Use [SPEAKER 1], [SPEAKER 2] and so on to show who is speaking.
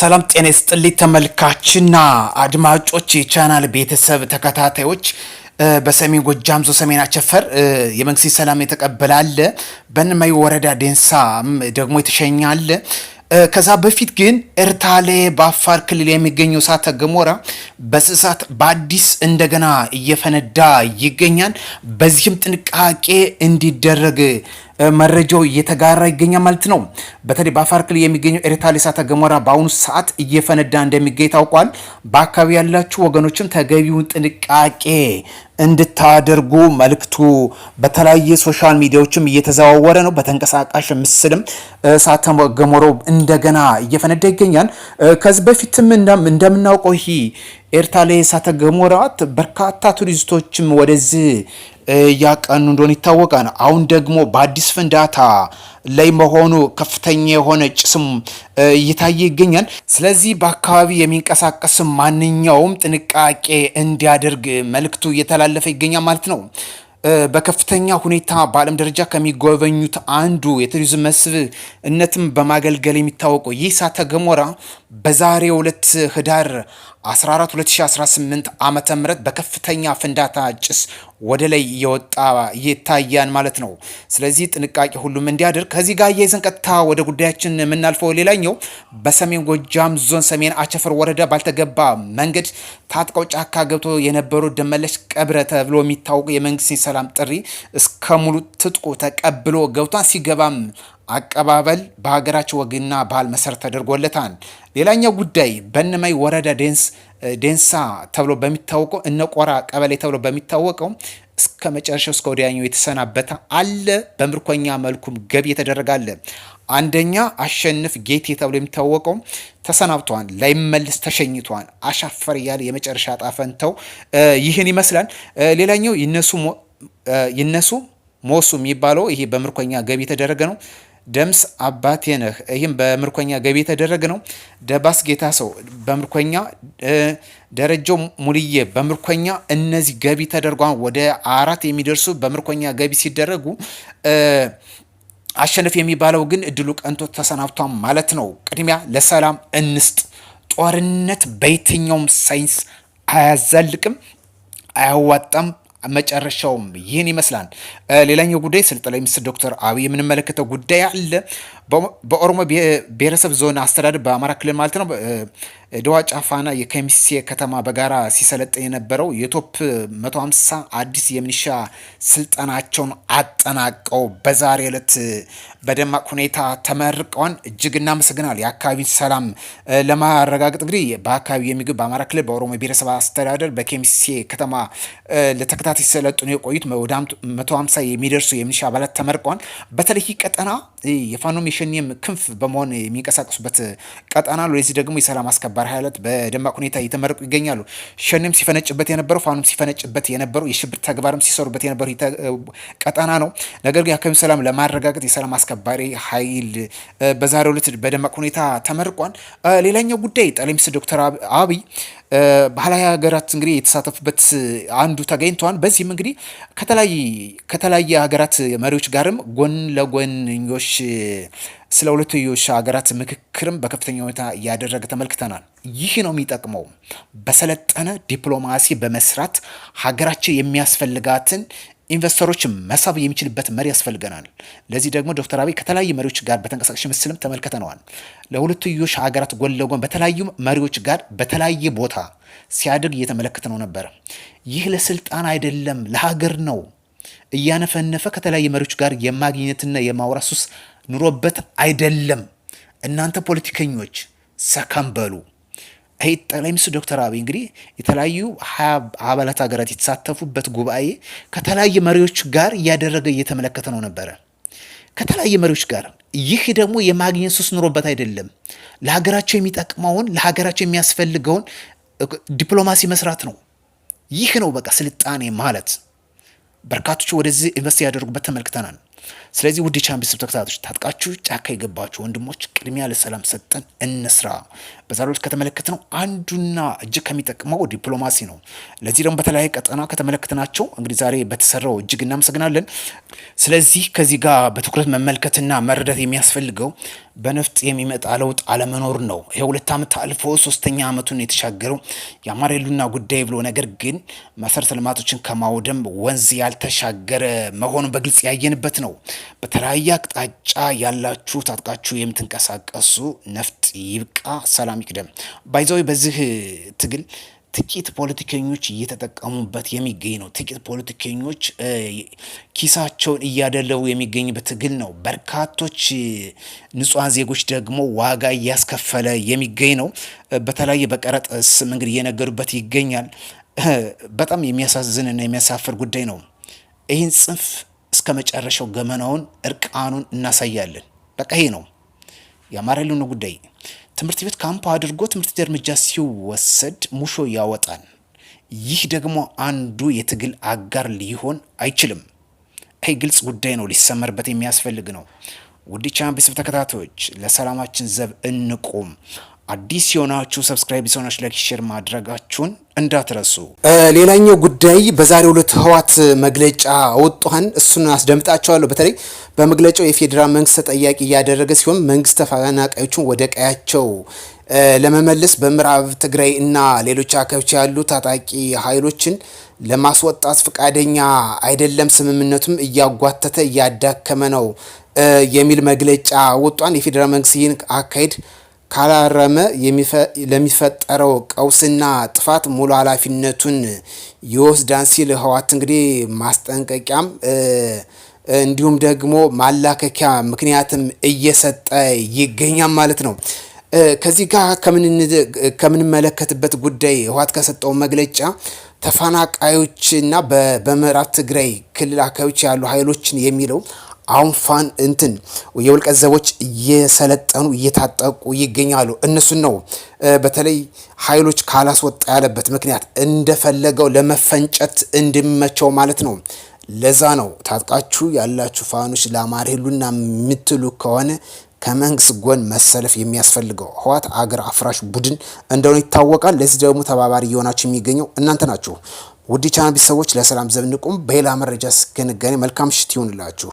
[SPEAKER 1] ሰላም ጤና ይስጥልኝ ተመልካችና አድማጮች የቻናል ቤተሰብ ተከታታዮች በሰሜን ጎጃም ዞ ሰሜን አቸፈር የመንግስት ሰላም የተቀበላለ በንማይ ወረዳ ዴንሳ ደግሞ የተሸኛለ ከዛ በፊት ግን ኤርታሌ በአፋር ክልል የሚገኘው እሳተ ገሞራ በስሳት በአዲስ እንደገና እየፈነዳ ይገኛል። በዚህም ጥንቃቄ እንዲደረግ መረጃው እየተጋራ ይገኛል ማለት ነው። በተለይ በአፋር ክልል የሚገኘው ኤርታሌ እሳተ ገሞራ በአሁኑ ሰዓት እየፈነዳ እንደሚገኝ ታውቋል። በአካባቢ ያላችሁ ወገኖችም ተገቢውን ጥንቃቄ እንድታደርጉ መልክቱ በተለያየ ሶሻል ሚዲያዎችም እየተዘዋወረ ነው። በተንቀሳቃሽ ምስልም እሳተ ገሞራው እንደገና እየፈነዳ ይገኛል። ከዚህ በፊትም እንደምናውቀው ይህ ኤርታሌ እሳተ ገሞራ በርካታ ቱሪስቶችም ወደዚህ እያቀኑ እንደሆነ ይታወቃል። አሁን ደግሞ በአዲስ ፍንዳታ ላይ መሆኑ ከፍተኛ የሆነ ጭስም እየታየ ይገኛል። ስለዚህ በአካባቢ የሚንቀሳቀስ ማንኛውም ጥንቃቄ እንዲያደርግ መልእክቱ እየተላለፈ ይገኛል ማለት ነው። በከፍተኛ ሁኔታ በዓለም ደረጃ ከሚጎበኙት አንዱ የቱሪዝም መስህብነትም በማገልገል የሚታወቀው ይህ እሳተ ገሞራ በዛሬ ሁለት ህዳር 14 2018 ዓመተ ምህረት በከፍተኛ ፍንዳታ ጭስ ወደ ላይ እየወጣ ይታያል ማለት ነው። ስለዚህ ጥንቃቄ ሁሉም እንዲያደርግ። ከዚህ ጋር እያይዘን ቀጥታ ወደ ጉዳያችን የምናልፈው ሌላኛው በሰሜን ጎጃም ዞን ሰሜን አቸፈር ወረዳ ባልተገባ መንገድ ታጥቀው ጫካ ገብቶ የነበሩ ደመለሽ ቀብረ ተብሎ የሚታወቁ የመንግስት ሰላም ጥሪ እስከ ሙሉ ትጥቁ ተቀብሎ ገብቷን ሲገባም አቀባበል በሀገራቸው ወግና ባህል መሰረት ተደርጎለታል። ሌላኛው ጉዳይ በእነማይ ወረዳ ዴንሳ ተብሎ በሚታወቀው እነቆራ ቀበሌ ተብሎ በሚታወቀው እስከ መጨረሻው እስከ ወዲያኛው የተሰናበተ አለ። በምርኮኛ መልኩም ገቢ የተደረገ አለ። አንደኛ አሸንፍ ጌቴ ተብሎ የሚታወቀው ተሰናብቷል፣ ላይመልስ ተሸኝቷል። አሻፈር እያለ የመጨረሻ ጣፈንተው ይህን ይመስላል። ሌላኛው ይነሱ ሞሱ የሚባለው ይሄ በምርኮኛ ገቢ የተደረገ ነው። ደምስ አባቴ ነህ። ይህም በምርኮኛ ገቢ የተደረገ ነው። ደባስ ጌታ ሰው በምርኮኛ ደረጃው ሙልዬ በምርኮኛ እነዚህ ገቢ ተደርጓ ወደ አራት የሚደርሱ በምርኮኛ ገቢ ሲደረጉ አሸነፍ የሚባለው ግን እድሉ ቀንቶ ተሰናብቷም ማለት ነው። ቅድሚያ ለሰላም እንስጥ። ጦርነት በየትኛውም ሳይንስ አያዛልቅም፣ አያዋጣም፣ መጨረሻውም ይህን ይመስላል። ሌላኛው ጉዳይ ስለ ጠቅላይ ሚኒስትር ዶክተር አብይ የምንመለከተው ጉዳይ አለ። በኦሮሞ ብሔረሰብ ዞን አስተዳደር በአማራ ክልል ማለት ነው ድዋ ጫፋና የከሚሴ ከተማ በጋራ ሲሰለጥን የነበረው የቶፕ 150 አዲስ የሚኒሻ ስልጠናቸውን አጠናቀው በዛሬ ዕለት በደማቅ ሁኔታ ተመርቀዋን። እጅግ እናመሰግናል። የአካባቢን ሰላም ለማረጋገጥ እንግዲህ በአካባቢ የሚገኙ በአማራ ክልል በኦሮሞ ብሔረሰብ አስተዳደር በከሚሴ ከተማ ለተከታታይ ሲሰለጥኑ የቆዩት ወደ 150 የሚደርሱ የሚኒሻ አባላት ተመርቀዋል። በተለይ ቀጠና የፋኖም የሸኒም ክንፍ በመሆን የሚንቀሳቀሱበት ቀጠና ለዚህ ደግሞ የሰላም አስከባሪ ባር 22 በደማቅ ሁኔታ እየተመረቁ ይገኛሉ። ሸኔም ሲፈነጭበት የነበረው ፋኖም ሲፈነጭበት የነበረው የሽብር ተግባርም ሲሰሩበት የነበረው ቀጠና ነው። ነገር ግን አካባቢ ሰላም ለማረጋገጥ የሰላም አስከባሪ ኃይል በዛሬው ዕለት በደማቅ ሁኔታ ተመርቋል። ሌላኛው ጉዳይ ጠቅላይ ሚኒስትር ዶክተር አብይ ባህላዊ ሀገራት እንግዲህ የተሳተፉበት አንዱ ተገኝተዋል። በዚህም እንግዲህ ከተለያየ ሀገራት መሪዎች ጋርም ጎን ለጎንኞች ስለ ሁለትዮሽ ሀገራት ምክክርም በከፍተኛ ሁኔታ እያደረገ ተመልክተናል። ይህ ነው የሚጠቅመው። በሰለጠነ ዲፕሎማሲ በመስራት ሀገራችን የሚያስፈልጋትን ኢንቨስተሮች መሳብ የሚችልበት መሪ ያስፈልገናል። ለዚህ ደግሞ ዶክተር አብይ ከተለያዩ መሪዎች ጋር በተንቀሳቃሽ ምስልም ተመልክተነዋል። ለሁለትዮሽ ሀገራት ጎን ለጎን በተለያዩ መሪዎች ጋር በተለያየ ቦታ ሲያድግ እየተመለከተ ነው ነበር። ይህ ለስልጣን አይደለም፣ ለሀገር ነው። እያነፈነፈ ከተለያዩ መሪዎች ጋር የማግኘትና የማውራት ሱስ ኑሮበት አይደለም። እናንተ ፖለቲከኞች ሰከንበሉ በሉ። ይህ ጠቅላይ ሚኒስትር ዶክተር አብይ እንግዲህ የተለያዩ ሀያ አባላት ሀገራት የተሳተፉበት ጉባኤ ከተለያየ መሪዎች ጋር እያደረገ እየተመለከተ ነው ነበረ ከተለያየ መሪዎች ጋር። ይህ ደግሞ የማግኘት ሱስ ኑሮበት አይደለም። ለሀገራቸው የሚጠቅመውን ለሀገራቸው የሚያስፈልገውን ዲፕሎማሲ መስራት ነው። ይህ ነው በቃ ስልጣኔ ማለት። በርካቶች ወደዚህ ኢንቨስት ያደርጉበት ተመልክተናል። ስለዚህ ውድ የቻምፒየንስ ሊግ ተከታታዮች ታጥቃችሁ ጫካ የገባችሁ ወንድሞች ቅድሚያ ለሰላም ሰጠን እንስራ። በዛሬዎች ከተመለከትነው አንዱና እጅግ ከሚጠቅመው ዲፕሎማሲ ነው። ለዚህ ደግሞ በተለያየ ቀጠና ከተመለከትናቸው እንግዲህ ዛሬ በተሰራው እጅግ እናመሰግናለን። ስለዚህ ከዚህ ጋር በትኩረት መመልከትና መረዳት የሚያስፈልገው በነፍጥ የሚመጣ ለውጥ አለመኖር ነው። ይሄ ሁለት ዓመት አልፎ ሶስተኛ ዓመቱን የተሻገረው የአማራ የሉና ጉዳይ ብሎ ነገር ግን መሰረተ ልማቶችን ከማውደም ወንዝ ያልተሻገረ መሆኑን በግልጽ ያየንበት ነው። ነው። በተለያየ አቅጣጫ ያላችሁ ታጥቃችሁ የምትንቀሳቀሱ ነፍጥ ይብቃ፣ ሰላም ይቅደም። ባይዘዌ በዚህ ትግል ጥቂት ፖለቲከኞች እየተጠቀሙበት የሚገኝ ነው። ጥቂት ፖለቲከኞች ኪሳቸውን እያደለቡ የሚገኝበት ትግል ነው። በርካቶች ንጹሐን ዜጎች ደግሞ ዋጋ እያስከፈለ የሚገኝ ነው። በተለያየ በቀረጥ ስም እንግዲህ እየነገዱበት ይገኛል። በጣም የሚያሳዝንና የሚያሳፍር ጉዳይ ነው። ይህን ጽንፍ እስከ መጨረሻው ገመናውን እርቃኑን እናሳያለን። በቃ ይሄ ነው የአማራ ሕልውና ጉዳይ። ትምህርት ቤት ካምፕ አድርጎ ትምህርት ቤት እርምጃ ሲወሰድ ሙሾ ያወጣል። ይህ ደግሞ አንዱ የትግል አጋር ሊሆን አይችልም። ይህ ግልጽ ጉዳይ ነው፣ ሊሰመርበት የሚያስፈልግ ነው። ውድ ቻናል ቤተሰብ ተከታታዮች ለሰላማችን ዘብ እንቁም። አዲስ የሆናችሁ ሰብስክራይብ ሲሆናች ላይክ ሼር ማድረጋችሁን እንዳትረሱ።
[SPEAKER 2] ሌላኛው ጉዳይ በዛሬው ዕለት ህወሓት መግለጫ ወጥቷን እሱን አስደምጣቸዋለሁ። በተለይ በመግለጫው የፌዴራል መንግስት ተጠያቂ እያደረገ ሲሆን መንግስት ተፈናቃዮቹን ወደ ቀያቸው ለመመለስ በምዕራብ ትግራይ እና ሌሎች አካባቢዎች ያሉ ታጣቂ ኃይሎችን ለማስወጣት ፈቃደኛ አይደለም፣ ስምምነቱም እያጓተተ እያዳከመ ነው የሚል መግለጫ ወጧን። የፌዴራል መንግስት ይህን አካሄድ ካላረመ ለሚፈጠረው ቀውስና ጥፋት ሙሉ ኃላፊነቱን ይወስዳን ሲል ህወሓት እንግዲህ ማስጠንቀቂያም እንዲሁም ደግሞ ማላከኪያ ምክንያትም እየሰጠ ይገኛል ማለት ነው። ከዚህ ጋር ከምንመለከትበት ጉዳይ ህወሓት ከሰጠው መግለጫ ተፈናቃዮችና በምዕራብ ትግራይ ክልል አካባቢዎች ያሉ ኃይሎችን የሚለው አንፋን እንትን የውልቀት ዘቦች እየሰለጠኑ እየታጠቁ ይገኛሉ። እነሱን ነው በተለይ ኃይሎች ካላስወጣ ያለበት ምክንያት እንደፈለገው ለመፈንጨት እንድመቸው ማለት ነው። ለዛ ነው ታጥቃችሁ ያላችሁ ፋኖች ለአማራ ሕልውና የምትሉ ከሆነ ከመንግስት ጎን መሰለፍ የሚያስፈልገው ህወሓት አገር አፍራሽ ቡድን እንደሆነ ይታወቃል። ለዚህ ደግሞ ተባባሪ እየሆናችሁ የሚገኘው እናንተ ናችሁ። ውድ ቻናል ቤተሰቦች ለሰላም ዘብ ንቁም። በሌላ መረጃ እስክንገናኝ መልካም ምሽት ይሁንላችሁ።